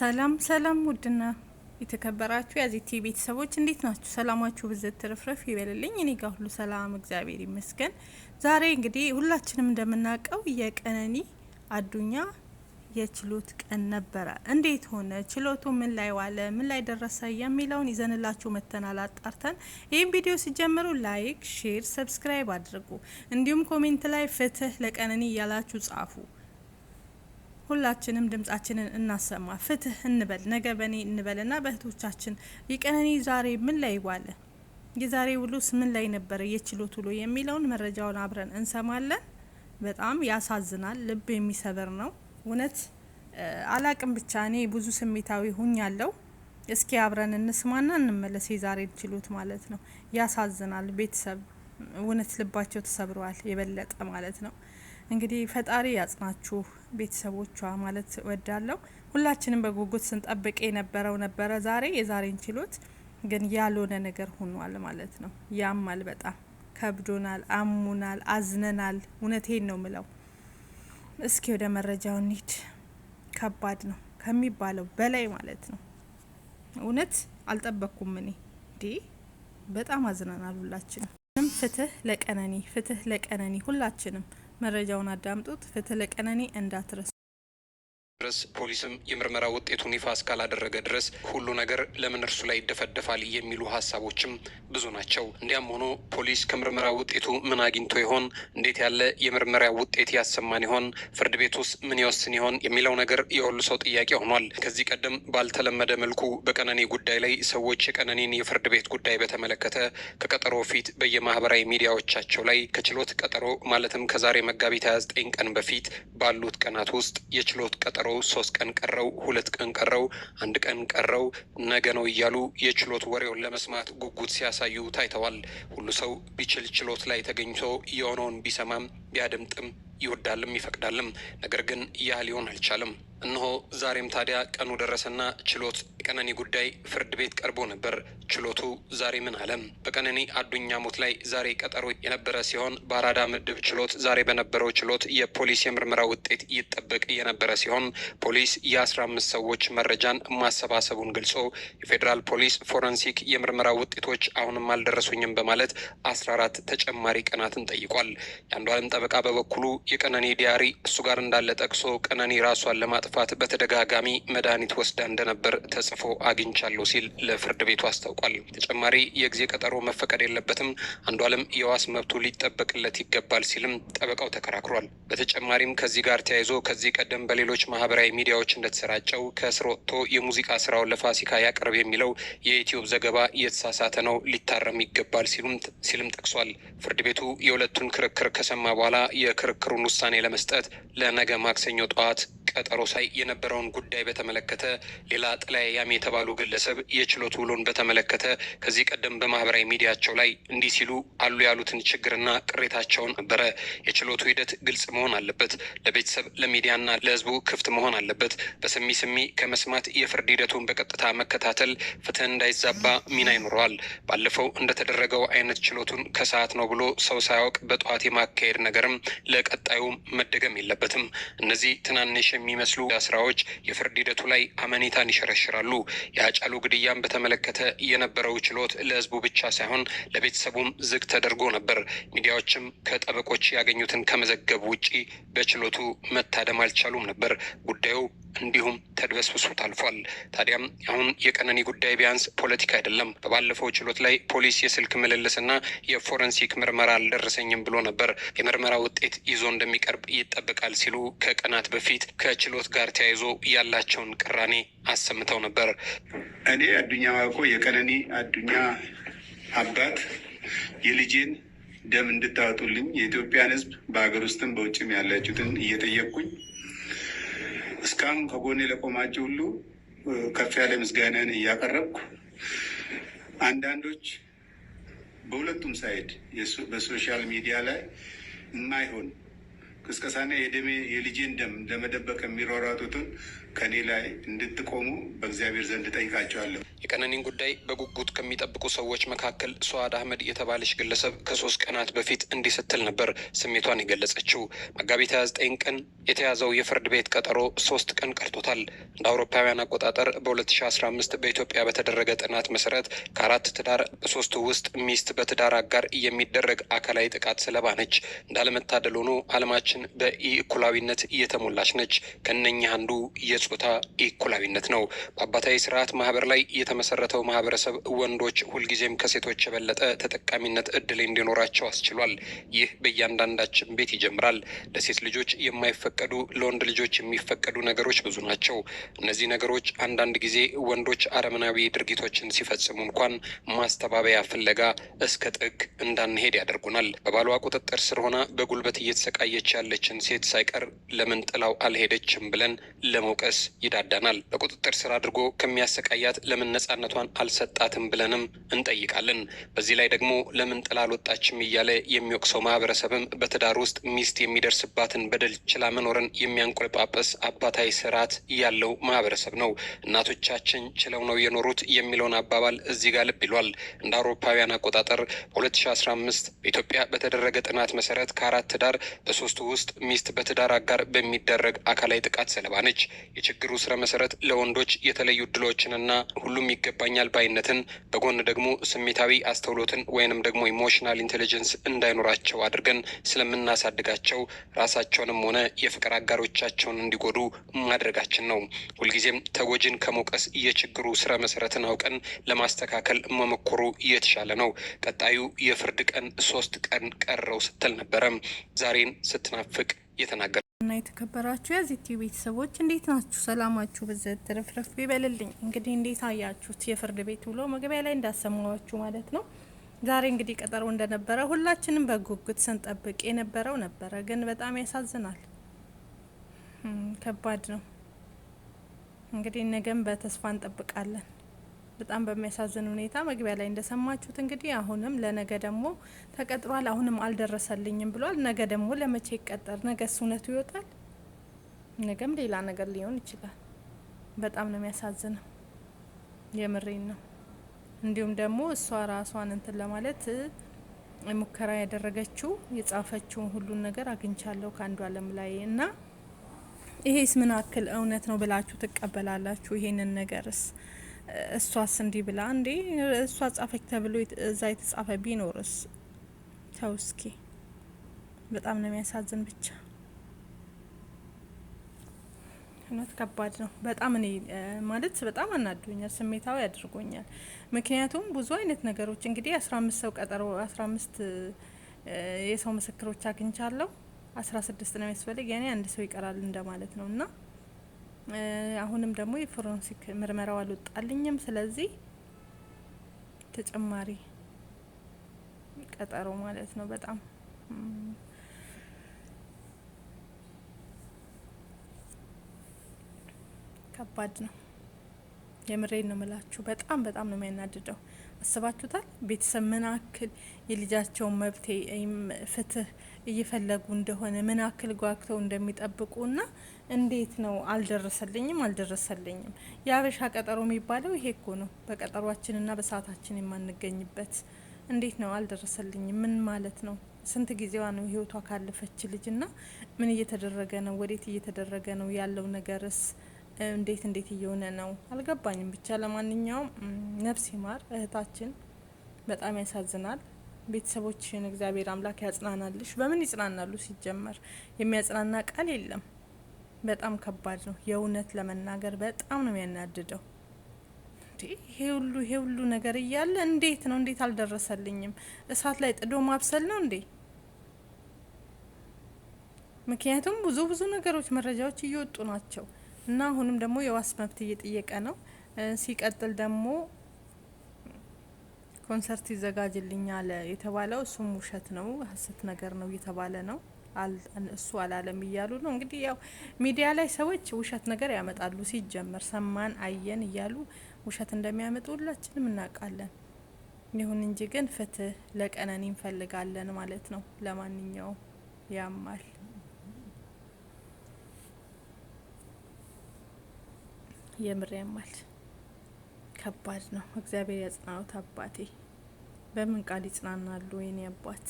ሰላም ሰላም ውድና የተከበራችሁ የዚህ ቲቪ ቤተሰቦች እንዴት ናችሁ? ሰላማችሁ ብዝት ትርፍርፍ ይበልልኝ። እኔ ጋር ሁሉ ሰላም እግዚአብሔር ይመስገን። ዛሬ እንግዲህ ሁላችንም እንደምናውቀው የቀነኒ አዱኛ የችሎት ቀን ነበረ። እንዴት ሆነ? ችሎቱ ምን ላይ ዋለ? ምን ላይ ደረሰ? የሚለውን ይዘንላችሁ መተናል አጣርተን። ይህም ቪዲዮ ሲጀምሩ ላይክ፣ ሼር፣ ሰብስክራይብ አድርጉ። እንዲሁም ኮሜንት ላይ ፍትህ ለቀነኒ እያላችሁ ጻፉ። ሁላችንም ድምጻችንን እናሰማ፣ ፍትህ እንበል፣ ነገ እንበል ና በእህቶቻችን የቀነኒ ዛሬ ምን ላይ ዋለ፣ የዛሬ ውሎስ ምን ላይ ነበረ፣ የችሎት ውሎ የሚለውን መረጃውን አብረን እንሰማለን። በጣም ያሳዝናል፣ ልብ የሚሰብር ነው። እውነት አላቅም፣ ብቻ እኔ ብዙ ስሜታዊ ሁኛለሁ። እስኪ አብረን እንስማና እንመለስ። የዛሬ ችሎት ማለት ነው። ያሳዝናል። ቤተሰብ እውነት ልባቸው ተሰብረዋል፣ የበለጠ ማለት ነው። እንግዲህ ፈጣሪ ያጽናችሁ ቤተሰቦቿ ማለት ወዳለው ሁላችንም በጉጉት ስንጠብቅ የነበረው ነበረ። ዛሬ የዛሬን ችሎት ግን ያልሆነ ነገር ሆኗል ማለት ነው። ያማል፣ በጣም ከብዶናል፣ አሙናል፣ አዝነናል። እውነቴን ነው ምለው። እስኪ ወደ መረጃው እንሂድ። ከባድ ነው ከሚባለው በላይ ማለት ነው። እውነት አልጠበቅኩም እኔ እንዴ። በጣም አዝነናል ሁላችንም። ፍትህ ለቀነኒ፣ ፍትህ ለቀነኒ ሁላችንም መረጃውን አዳምጡት። ፍትህ ለቀነኒ እንዳትረሱ። ድረስ ፖሊስም የምርመራ ውጤቱን ይፋ እስካላደረገ ድረስ ሁሉ ነገር ለምን እርሱ ላይ ይደፈደፋል የሚሉ ሀሳቦችም ብዙ ናቸው። እንዲያም ሆኖ ፖሊስ ከምርመራ ውጤቱ ምን አግኝቶ ይሆን? እንዴት ያለ የምርመራ ውጤት ያሰማን ይሆን? ፍርድ ቤት ውስጥ ምን ይወስን ይሆን የሚለው ነገር የሁሉ ሰው ጥያቄ ሆኗል። ከዚህ ቀደም ባልተለመደ መልኩ በቀነኔ ጉዳይ ላይ ሰዎች የቀነኔን የፍርድ ቤት ጉዳይ በተመለከተ ከቀጠሮ ፊት በየማህበራዊ ሚዲያዎቻቸው ላይ ከችሎት ቀጠሮ ማለትም ከዛሬ መጋቢት 29 ቀን በፊት ባሉት ቀናት ውስጥ የችሎት ቀጠሮ ቀረው፣ ሶስት ቀን ቀረው፣ ሁለት ቀን ቀረው፣ አንድ ቀን ቀረው፣ ነገ ነው እያሉ የችሎት ወሬውን ለመስማት ጉጉት ሲያሳዩ ታይተዋል። ሁሉ ሰው ቢችል ችሎት ላይ ተገኝቶ የሆነውን ቢሰማም ቢያደምጥም ይወዳልም ይፈቅዳልም። ነገር ግን ያ ሊሆን አልቻለም። እነሆ ዛሬም ታዲያ ቀኑ ደረሰና ችሎት የቀነኒ ጉዳይ ፍርድ ቤት ቀርቦ ነበር። ችሎቱ ዛሬ ምን አለም? በቀነኒ አዱኛ ሞት ላይ ዛሬ ቀጠሮ የነበረ ሲሆን በአራዳ ምድብ ችሎት ዛሬ በነበረው ችሎት የፖሊስ የምርመራ ውጤት ይጠበቅ የነበረ ሲሆን ፖሊስ የአስራ አምስት ሰዎች መረጃን ማሰባሰቡን ገልጾ የፌዴራል ፖሊስ ፎረንሲክ የምርመራ ውጤቶች አሁንም አልደረሱኝም በማለት አስራ አራት ተጨማሪ ቀናትን ጠይቋል። አለም ጠበቃ በበኩሉ የቀነኒ ዲያሪ እሱ ጋር እንዳለ ጠቅሶ ቀነኒ ራሷን ለማጥፋት ጥፋት በተደጋጋሚ መድኃኒት ወስዳ እንደነበር ተጽፎ አግኝቻለሁ ሲል ለፍርድ ቤቱ አስታውቋል። ተጨማሪ የጊዜ ቀጠሮ መፈቀድ የለበትም፣ አንዷለም የዋስ መብቱ ሊጠበቅለት ይገባል ሲልም ጠበቃው ተከራክሯል። በተጨማሪም ከዚህ ጋር ተያይዞ ከዚህ ቀደም በሌሎች ማህበራዊ ሚዲያዎች እንደተሰራጨው ከእስር ወጥቶ የሙዚቃ ስራውን ለፋሲካ ያቅርብ የሚለው የኢትዮብ ዘገባ የተሳሳተ ነው፣ ሊታረም ይገባል ሲልም ጠቅሷል። ፍርድ ቤቱ የሁለቱን ክርክር ከሰማ በኋላ የክርክሩን ውሳኔ ለመስጠት ለነገ ማክሰኞ ጠዋት ቀጠሮ ሳይ የነበረውን ጉዳይ በተመለከተ ሌላ ጥላዬ የተባሉ ግለሰብ የችሎት ውሎን በተመለከተ ከዚህ ቀደም በማህበራዊ ሚዲያቸው ላይ እንዲህ ሲሉ አሉ ያሉትን ችግርና ቅሬታቸውን ነበረ። የችሎቱ ሂደት ግልጽ መሆን አለበት፣ ለቤተሰብ ለሚዲያና ለህዝቡ ክፍት መሆን አለበት። በስሚ ስሚ ከመስማት የፍርድ ሂደቱን በቀጥታ መከታተል ፍትህ እንዳይዛባ ሚና ይኖረዋል። ባለፈው እንደተደረገው አይነት ችሎቱን ከሰዓት ነው ብሎ ሰው ሳያውቅ በጠዋት የማካሄድ ነገርም ለቀጣዩ መደገም የለበትም። እነዚህ ትናንሽ የሚመስሉ ስራዎች የፍርድ ሂደቱ ላይ አመኔታን ይሸረሽራሉ። የአጫሉ ግድያን በተመለከተ የነበረው ችሎት ለህዝቡ ብቻ ሳይሆን ለቤተሰቡም ዝግ ተደርጎ ነበር። ሚዲያዎችም ከጠበቆች ያገኙትን ከመዘገብ ውጪ በችሎቱ መታደም አልቻሉም ነበር። ጉዳዩ እንዲሁም ተድበስብሶ ታልፏል። ታዲያም አሁን የቀነኒ ጉዳይ ቢያንስ ፖለቲካ አይደለም። በባለፈው ችሎት ላይ ፖሊስ የስልክ ምልልስና የፎረንሲክ ምርመራ አልደረሰኝም ብሎ ነበር። የምርመራ ውጤት ይዞ እንደሚቀርብ ይጠበቃል ሲሉ ከቀናት በፊት ከችሎት ጋር ተያይዞ ያላቸውን ቅራኔ አሰምተው ነበር። እኔ አዱኛ ዋቆ የቀነኒ አዱኛ አባት የልጄን ደም እንድታወጡልኝ የኢትዮጵያን ሕዝብ በሀገር ውስጥም በውጭም ያላችሁትን እየጠየቅኩኝ እስካሁን ከጎኔ ለቆማችሁ ሁሉ ከፍ ያለ ምስጋናን እያቀረብኩ አንዳንዶች በሁለቱም ሳይድ በሶሻል ሚዲያ ላይ የማይሆን ቅስቀሳና የደሜ የልጄን ደም ለመደበቅ የሚሯሯጡትን ከኔ ላይ እንድትቆሙ በእግዚአብሔር ዘንድ ጠይቃቸዋለሁ። የቀነኒን ጉዳይ በጉጉት ከሚጠብቁ ሰዎች መካከል ሰዋድ አህመድ የተባለች ግለሰብ ከሶስት ቀናት በፊት እንዲህ ስትል ነበር ስሜቷን የገለጸችው። መጋቢት 29 ቀን የተያዘው የፍርድ ቤት ቀጠሮ ሶስት ቀን ቀርቶታል። እንደ አውሮፓውያን አቆጣጠር በ2015 በኢትዮጵያ በተደረገ ጥናት መሰረት ከአራት ትዳር በሶስቱ ውስጥ ሚስት በትዳር አጋር የሚደረግ አካላዊ ጥቃት ሰለባ ነች። እንዳለመታደል ሆኖ አለማችን በኢ እኩላዊነት እየተሞላች ነች። ከእነኚህ አንዱ የጾታ ኢኩላዊነት ነው። በአባታዊ ስርዓት ማህበር ላይ የተመሰረተው ማህበረሰብ ወንዶች ሁልጊዜም ከሴቶች የበለጠ ተጠቃሚነት እድል እንዲኖራቸው አስችሏል። ይህ በእያንዳንዳችን ቤት ይጀምራል። ለሴት ልጆች የማይፈቀዱ ለወንድ ልጆች የሚፈቀዱ ነገሮች ብዙ ናቸው። እነዚህ ነገሮች አንዳንድ ጊዜ ወንዶች አረመናዊ ድርጊቶችን ሲፈጽሙ እንኳን ማስተባበያ ፍለጋ እስከ ጥግ እንዳንሄድ ያደርጉናል። በባሏ ቁጥጥር ስር ሆና በጉልበት እየተሰቃየች ያለችን ሴት ሳይቀር ለምን ጥላው አልሄደችም ብለን ለመውቀ ድረስ ይዳዳናል። በቁጥጥር ስር አድርጎ ከሚያሰቃያት ለምን ነጻነቷን አልሰጣትም ብለንም እንጠይቃለን። በዚህ ላይ ደግሞ ለምን ጥላ አልወጣችም እያለ የሚወቅሰው ማህበረሰብም በትዳር ውስጥ ሚስት የሚደርስባትን በደል ችላ መኖርን የሚያንቆለጳጰስ አባታዊ ስርዓት ያለው ማህበረሰብ ነው። እናቶቻችን ችለው ነው የኖሩት የሚለውን አባባል እዚህ ጋር ልብ ይሏል። እንደ አውሮፓውያን አቆጣጠር በ2015 በኢትዮጵያ በተደረገ ጥናት መሰረት ከአራት ትዳር በሶስቱ ውስጥ ሚስት በትዳር አጋር በሚደረግ አካላዊ ጥቃት ሰለባ ነች። የችግሩ ስረ መሰረት ለወንዶች የተለዩ እድሎችንና ሁሉም ይገባኛል ባይነትን በጎን ደግሞ ስሜታዊ አስተውሎትን ወይንም ደግሞ ኢሞሽናል ኢንቴሊጀንስ እንዳይኖራቸው አድርገን ስለምናሳድጋቸው ራሳቸውንም ሆነ የፍቅር አጋሮቻቸውን እንዲጎዱ ማድረጋችን ነው። ሁልጊዜም ተጎጂን ከመውቀስ የችግሩ ስረ መሰረትን አውቀን ለማስተካከል መሞከሩ የተሻለ ነው። ቀጣዩ የፍርድ ቀን ሶስት ቀን ቀረው ስትል ነበረም ዛሬን ስትናፍቅ የተናገረ ውድና የተከበራችሁ የዚህ ቲቪ ቤተሰቦች እንዴት ናችሁ? ሰላማችሁ ብዘት ትርፍርፍ ይበልልኝ። እንግዲህ እንዴት አያችሁት? የፍርድ ቤት ውሎ መግቢያ ላይ እንዳሰማዋችሁ ማለት ነው። ዛሬ እንግዲህ ቀጠሮ እንደነበረ ሁላችንም በጉጉት ስንጠብቅ የነበረው ነበረ። ግን በጣም ያሳዝናል። ከባድ ነው። እንግዲህ ነገም በተስፋ እንጠብቃለን። በጣም በሚያሳዝን ሁኔታ መግቢያ ላይ እንደሰማችሁት እንግዲህ አሁንም ለነገ ደግሞ ተቀጥሯል። አሁንም አልደረሰልኝም ብሏል። ነገ ደግሞ ለመቼ ይቀጠር? ነገስ እውነቱ ይወጣል? ነገም ሌላ ነገር ሊሆን ይችላል። በጣም ነው የሚያሳዝነው። የምሬን ነው። እንዲሁም ደግሞ እሷ ራሷን እንትን ለማለት ሙከራ ያደረገችው የጻፈችውን ሁሉን ነገር አግኝቻለሁ ከአንዱ አለም ላይ እና ይሄስ ምን አክል እውነት ነው ብላችሁ ትቀበላላችሁ? ይሄንን ነገርስ እሷስ እንዲህ ብላ እንዴ እሷ ጻፈች ተብሎ እዛ የተጻፈ ቢኖርስ? ተው እስኪ። በጣም ነው የሚያሳዝን። ብቻ እውነት ከባድ ነው በጣም እኔ ማለት በጣም አናዶኛል፣ ስሜታዊ አድርጎኛል። ምክንያቱም ብዙ አይነት ነገሮች እንግዲህ አስራ አምስት ሰው ቀጠሮ አስራ አምስት የሰው ምስክሮች አግኝቻለሁ። አስራ ስድስት ነው የሚያስፈልግ ያኔ አንድ ሰው ይቀራል እንደማለት ነው እና አሁንም ደግሞ የፎረንሲክ ምርመራው አልወጣልኝም። ስለዚህ ተጨማሪ ቀጠሮ ማለት ነው። በጣም ከባድ ነው። የምሬን ነው ምላችሁ። በጣም በጣም ነው የሚያናድደው። አስባችሁታል? ቤተሰብ ምን አክል የልጃቸውን መብት ፍትህ እየፈለጉ እንደሆነ ምን አክል ጓግተው እንደሚጠብቁ ና እንዴት ነው አልደረሰልኝም አልደረሰልኝም። የአበሻ ቀጠሮ የሚባለው ይሄ እኮ ነው። በቀጠሯችንና በሰዓታችን የማንገኝበት እንዴት ነው አልደረሰልኝም? ምን ማለት ነው? ስንት ጊዜዋ ነው ህይወቷ ካለፈች ልጅ ና ምን እየተደረገ ነው? ወዴት እየተደረገ ነው ያለው ነገርስ እንዴት እንዴት እየሆነ ነው አልገባኝም። ብቻ ለማንኛውም ነፍስ ይማር እህታችን፣ በጣም ያሳዝናል። ቤተሰቦችን እግዚአብሔር አምላክ ያጽናናልሽ። በምን ይጽናናሉ? ሲጀመር የሚያጽናና ቃል የለም። በጣም ከባድ ነው። የእውነት ለመናገር በጣም ነው የሚያናድደው። ይሄ ሁሉ ይሄ ሁሉ ነገር እያለ እንዴት ነው እንዴት አልደረሰልኝም? እሳት ላይ ጥዶ ማብሰል ነው እንዴ? ምክንያቱም ብዙ ብዙ ነገሮች መረጃዎች እየወጡ ናቸው። እና አሁንም ደግሞ የዋስ መብት እየጠየቀ ነው። ሲቀጥል ደግሞ ኮንሰርት ይዘጋጅልኝ አለ የተባለው እሱም ውሸት ነው፣ ሀሰት ነገር ነው እየተባለ ነው። እሱ አላለም እያሉ ነው። እንግዲህ ያው ሚዲያ ላይ ሰዎች ውሸት ነገር ያመጣሉ። ሲጀመር ሰማን አየን እያሉ ውሸት እንደሚያመጡ ሁላችንም እናውቃለን። ይሁን እንጂ ግን ፍትህ ለቀነኒ እንፈልጋለን ማለት ነው። ለማንኛውም ያማል። የምር ያማል። ከባድ ነው። እግዚአብሔር ያጽናኑት አባቴ። በምን ቃል ይጽናናሉ? ወይኔ አባት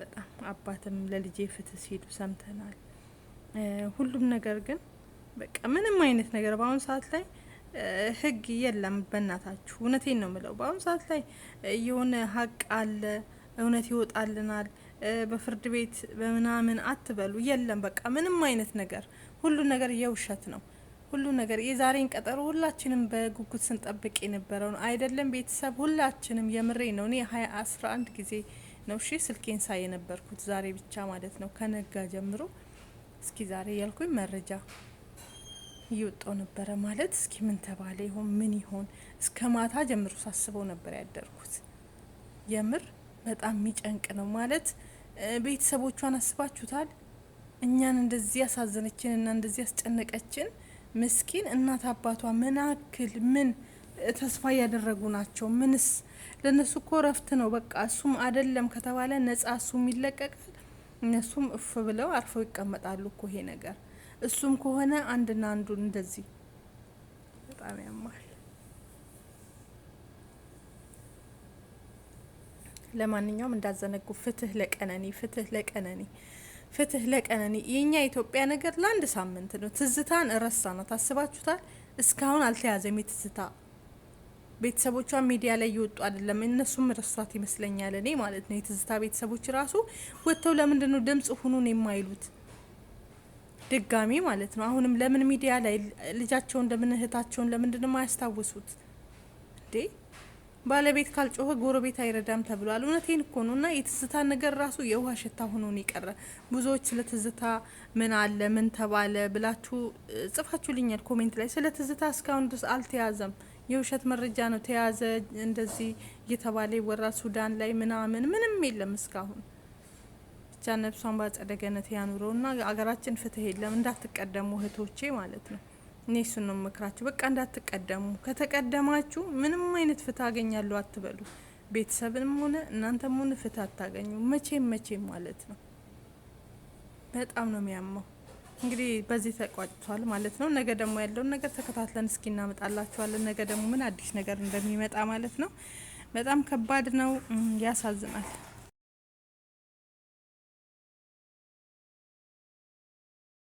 በጣም አባትም ለልጄ ፍትህ ሲሉ ሰምተናል። ሁሉም ነገር ግን በቃ ምንም አይነት ነገር በአሁኑ ሰዓት ላይ ህግ የለም። በእናታችሁ እውነቴን ነው ምለው። በአሁኑ ሰዓት ላይ የሆነ ሀቅ አለ እውነት ይወጣልናል በፍርድ ቤት በምናምን አትበሉ። የለም በቃ ምንም አይነት ነገር ሁሉ ነገር የውሸት ነው። ሁሉ ነገር የዛሬን ቀጠሮ ሁላችንም በጉጉት ስንጠብቅ የነበረው ነው አይደለም ቤተሰብ ሁላችንም የምሬ ነው እኔ ሀያ አስራ አንድ ጊዜ ነው ሺ ስልኬን ሳይ የነበርኩት ዛሬ ብቻ ማለት ነው ከነጋ ጀምሮ እስኪ ዛሬ ያልኩኝ መረጃ እየወጣው ነበረ ማለት እስኪ ምን ተባለ ይሆን ምን ይሆን እስከ ማታ ጀምሮ ሳስበው ነበር ያደርኩት የምር በጣም የሚጨንቅ ነው ማለት ቤተሰቦቿን አስባችሁታል እኛን እንደዚህ ያሳዘነችን እና እንደዚህ ያስጨነቀችን ምስኪን እናት አባቷ ምን አክል ምን ተስፋ እያደረጉ ናቸው? ምንስ ለእነሱ እኮ እረፍት ነው። በቃ እሱም አይደለም ከተባለ ነጻ እሱም ይለቀቃል፣ እነሱም እፍ ብለው አርፈው ይቀመጣሉ እኮ ይሄ ነገር። እሱም ከሆነ አንድና አንዱን እንደዚህ በጣም ያማል። ለማንኛውም እንዳዘነጉ ፍትህ ለቀነኒ፣ ፍትህ ለቀነኔ። ፍትህ ለቀነኒ የእኛ የኢትዮጵያ ነገር ለአንድ ሳምንት ነው። ትዝታን እረሳ ነው። ታስባችሁታል? እስካሁን አልተያዘም። የትዝታ ቤተሰቦቿ ሚዲያ ላይ እየወጡ አይደለም። እነሱም ረሷት ይመስለኛል፣ እኔ ማለት ነው። የትዝታ ቤተሰቦች ራሱ ወጥተው ለምንድን ነው ድምጽ ሁኑን የማይሉት? ድጋሚ ማለት ነው። አሁንም ለምን ሚዲያ ላይ ልጃቸውን ለምን እህታቸውን ለምንድን ነው የማያስታውሱት እንዴ? ባለቤት ካልጮኸ ጎረቤት አይረዳም ተብሏል። እውነቴን እኮ ነው። እና የትዝታ ነገር ራሱ የውሃ ሽታ ሆኖ ነው የቀረ። ብዙዎች ስለ ትዝታ ምን አለ ምን ተባለ ብላችሁ ጽፋችሁልኛል ኮሜንት ላይ። ስለ ትዝታ እስካሁን ድረስ አልተያዘም። የውሸት መረጃ ነው ተያዘ እንደዚህ እየተባለ ይወራ ሱዳን ላይ ምናምን ምንም የለም እስካሁን። ብቻ ነብሷን ባጸደ ገነት ያኑረው እና አገራችን ፍትህ የለም። እንዳትቀደሙ እህቶቼ ማለት ነው። እኔ እሱን ነው ምክራችሁ። በቃ እንዳትቀደሙ። ከተቀደማችሁ ምንም አይነት ፍትህ አገኛለሁ አትበሉ። ቤተሰብንም ሆነ እናንተም ሆነ ፍትህ አታገኙ መቼም መቼም ማለት ነው። በጣም ነው የሚያመው እንግዲህ በዚህ ተቋጭቷል ማለት ነው። ነገ ደግሞ ያለውን ነገር ተከታትለን እስኪ እናመጣላችኋለን። ነገ ደግሞ ምን አዲስ ነገር እንደሚመጣ ማለት ነው። በጣም ከባድ ነው፣ ያሳዝናል።